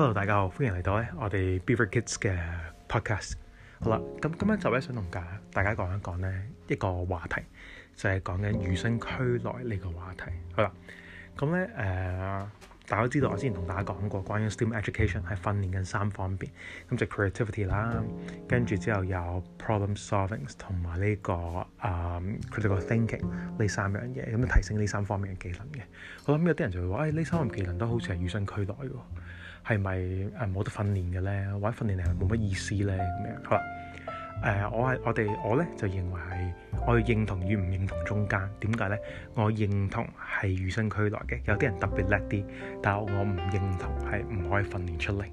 hello，大家好，歡迎嚟到咧我哋 Beaver Kids 嘅 podcast。好啦，咁今日就咧想同緊大家講一講呢一個話題，就係講緊與生俱來呢個話題。好啦，咁咧誒，大家都知道我之前同大家講過關於 STEM education 係訓練緊三方面，咁就係 creativity 啦，跟住之後有 problem solving 同埋呢個啊、um, critical thinking 呢三東西這樣嘢，咁提升呢三方面嘅技能嘅。好啦，咁、嗯、有啲人就會話，誒、哎、呢三樣技能都好似係與生俱來喎。係咪誒冇得訓練嘅咧？或者訓練嚟係冇乜意思咧？咁樣好啦。誒、呃，我係我哋我咧就認為係我要認同與唔認同中間。點解咧？我認同係與生俱來嘅。有啲人特別叻啲，但係我唔認同係唔可以訓練出嚟。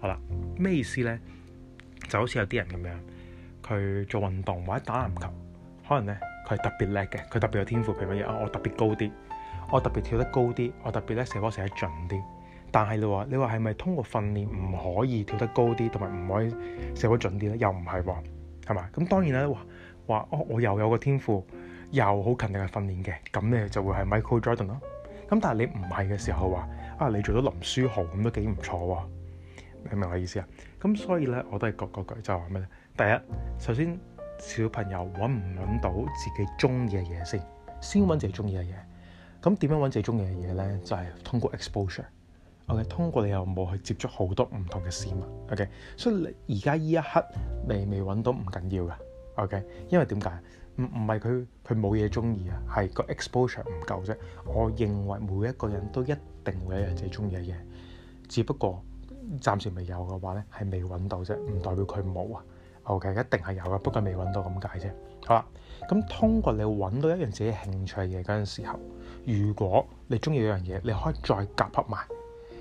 好啦，咩意思咧？就好似有啲人咁樣，佢做運動或者打籃球，可能咧佢係特別叻嘅，佢特別有天賦。譬如話，啊，我特別高啲，我特別跳得高啲，我特別叻射波射得準啲。但係你話你話係咪通過訓練唔可以跳得高啲，同埋唔可以射得準啲咧？又唔係喎，係嘛咁當然啦。話話哦，我又有個天賦，又好勤力嘅訓練嘅，咁你就會係 Michael Jordan 咯。咁但係你唔係嘅時候話啊，你做到林書豪咁都幾唔錯喎。明唔明我意思啊？咁所以咧我都係講嗰句就係話咩咧？第一首先小朋友揾唔揾到自己中意嘅嘢先，先揾自己中意嘅嘢。咁點樣揾自己中意嘅嘢咧？就係通過 exposure。我哋通過你有冇去接觸好多唔同嘅事物，OK，所以你而家呢一刻你未揾到唔緊要㗎，OK，因為點解唔唔係佢佢冇嘢中意啊？係個 exposure 唔夠啫。我認為每一個人都一定會有一樣自己中意嘅嘢，只不過暫時未有嘅話咧，係未揾到啫，唔代表佢冇啊。OK，一定係有嘅，不過未揾到咁解啫。好啦，咁通過你揾到一樣自己興趣嘅嘢嗰陣時候，如果你中意一樣嘢，你可以再夾合埋。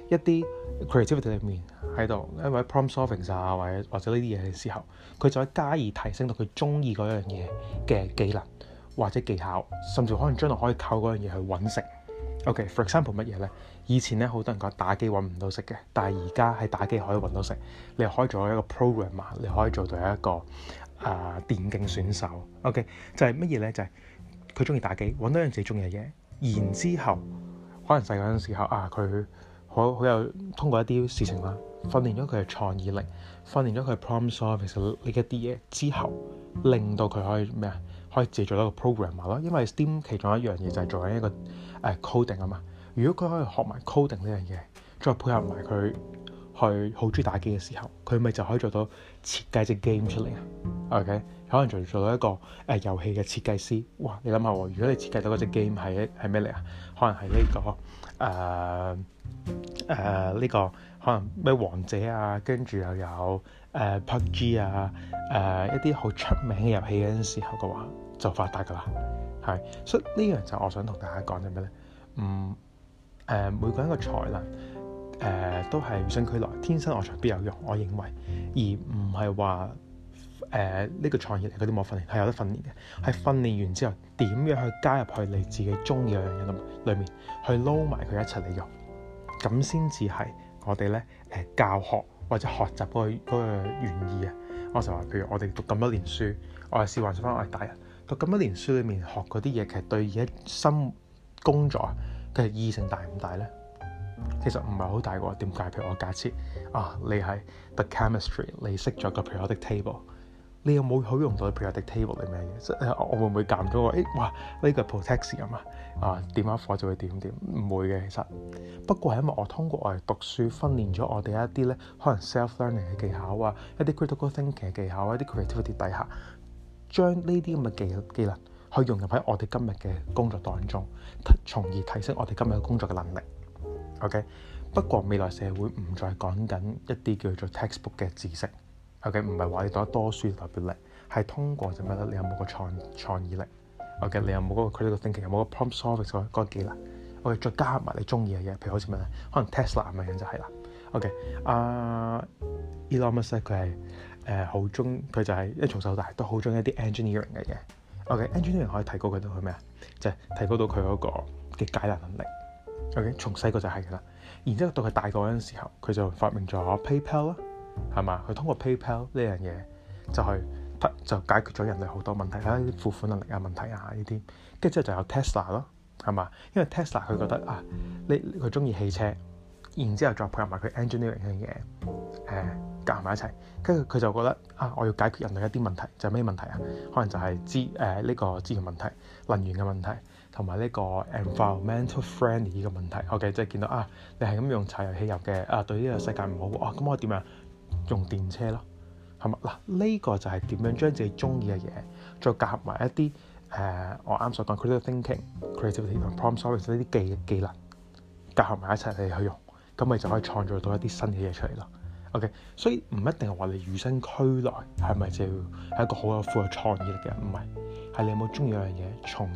一啲 creativity 裏面喺度，因為 problem solving 啊，或者或者呢啲嘢嘅時候，佢就可以加以提升到佢中意嗰樣嘢嘅技能或者技巧，甚至可能將來可以靠嗰樣嘢去揾食。OK，for、okay, example 乜嘢咧？以前咧好多人講打機揾唔到食嘅，但係而家喺打機可以揾到食。你可以做一個 program 啊，你可以做到一個誒、呃、電競選手。OK，就係乜嘢咧？就係佢中意打機，揾到樣自己中意嘅嘢，然之後可能細個嗰陣時候啊，佢。好好有通過一啲事情啦，訓練咗佢嘅創意力，訓練咗佢嘅 problem solving 呢一啲嘢之後，令到佢可以咩啊？可以製作到一個 programmer 咯，因為 STEM 其中一樣嘢就係做緊一個誒 coding 啊嘛。如果佢可以學埋 coding 呢樣嘢，再配合埋佢去好中意打機嘅時候，佢咪就可以做到設計隻 game 出嚟啊？OK。可能做，做到一個誒遊戲嘅設計師！哇！你諗下，如果你設計到嗰隻 game 係係咩嚟啊？可能係呢個誒誒呢個可能咩王者啊，跟住又有誒、呃、PUBG 啊，誒、呃、一啲好出名嘅遊戲嗰陣時候嘅話，就發達噶啦，係。所以呢樣就我想同大家講啲咩咧？唔、嗯，誒、呃、每個人嘅才能誒、呃、都係與生俱來，天生我材必有用，我認為，而唔係話。誒、呃、呢、這個創意嚟，嗰啲冇訓練係有得訓練嘅。係訓練完之後點樣去加入去你自己中意嘅嘢度裏面去撈埋佢一齊嚟用，咁先至係我哋咧誒教學或者學習嗰、那個嗰、那個、原意啊。我成日話，譬如我哋讀咁多年書，我係試幻翻我係大人讀咁多年書裏面學嗰啲嘢，其實對而家生工作啊嘅意性大唔大咧？其實唔係好大喎。點解？譬如我假設啊，你係 the chemistry，你識咗個 Periodic table。你有冇可以用到譬如係啲 table 嚟咩嘢？我會唔會撳到話？誒、哎，哇！呢、這個 protect 嘛？啊，點下火就會點點，唔會嘅。其實不，不過係因為我通過我哋讀書訓練咗我哋一啲咧，可能 self learning 嘅技巧啊，一啲 critical thinking 嘅技巧啊，一啲 creativity 底下，將呢啲咁嘅技技能去融入喺我哋今日嘅工作當中，從而提升我哋今日嘅工作嘅能力。OK，不過未來社會唔再講緊一啲叫做 textbook 嘅知識。O.K. 唔係話你讀得多書特別叻，係通過就乜咧？你有冇個創創意力？O.K. 你有冇嗰個，有沒有個，個？critical thinking 有冇個 problem solving 嗰嗰個技能？O.K. 再加埋你中意嘅嘢，譬如好似乜咧？可能 Tesla 咁樣就係啦。O.K. 啊、uh，Elon Musk 佢係誒好中佢就係、是、因為從細大都好中意一啲 engineering 嘅嘢。Okay, mm -hmm. O.K. engineering 可以提高佢到佢咩啊？就係、是、提高到佢嗰個嘅解難能力。O.K. 從細個就係啦，然之後到佢大個嗰陣時候，佢就發明咗 PayPal 啦。係嘛？佢通過 PayPal 呢樣嘢就係就解決咗人類好多問題啦，付款能力啊問題啊呢啲，跟住之後就有 Tesla 咯，係嘛？因為 Tesla 佢覺得啊，呢佢中意汽車，然之後再配合埋佢 engineering 呢樣嘢，誒夾埋一齊，跟住佢就覺得啊，我要解決人類一啲問題，就係咩問題啊？可能就係資誒呢個資源問題、能源嘅問題，同埋呢個 environmental friendly 嘅問題。OK，即係見到啊，你係咁用柴油汽油嘅啊，對呢個世界唔好啊，咁我點啊？用電車咯，係嘛嗱？呢、這個就係點樣將自己中意嘅嘢再夾埋一啲誒、呃，我啱所講 creative thinking、creative problem solving 呢啲技技能結合埋一齊嚟去用，咁咪就可以創造到一啲新嘅嘢出嚟咯。OK，所以唔一定係話你與生俱來係咪就要係一個好有富有創意力嘅？唔係，係你有冇中意一樣嘢，從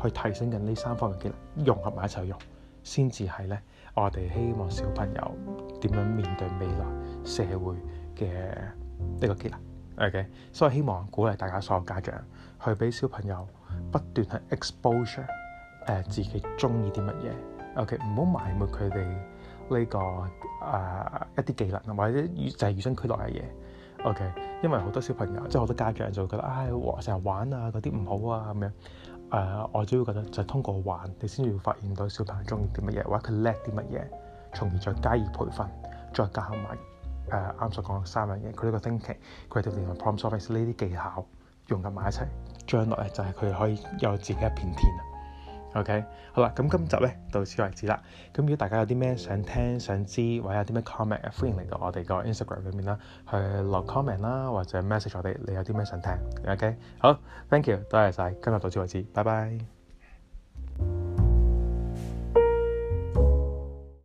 而去提升緊呢三方嘅技能，融合埋一齊去用，先至係咧。我哋希望小朋友點樣面對未來？社會嘅呢個技能，OK，所以希望鼓勵大家所有家長去俾小朋友不斷去 exposure 誒自己中意啲乜嘢，OK，唔好埋沒佢哋呢個誒一啲技能，或者就係與生俱來嘅嘢，OK，因為好多小朋友即係好多家長就會覺得唉，我成日玩啊，嗰啲唔好啊咁樣誒，我主要覺得就係通過玩你先至會發現到小朋友中意啲乜嘢，或者佢叻啲乜嘢，從而再加以培訓，再加埋。誒啱所講三樣嘢，佢呢個 thinking，佢哋連同 prompt service 呢啲技巧融合埋一齊，將來咧就係佢可以有自己一片天啊。OK，好啦，咁今集咧到此為止啦。咁如果大家有啲咩想聽、想知，或者有啲咩 comment，歡迎嚟到我哋個 Instagram 裏面啦，去落 comment 啦，或者 message 我哋，你有啲咩想聽。OK，好，thank you，多謝晒。今日到此為止，拜拜。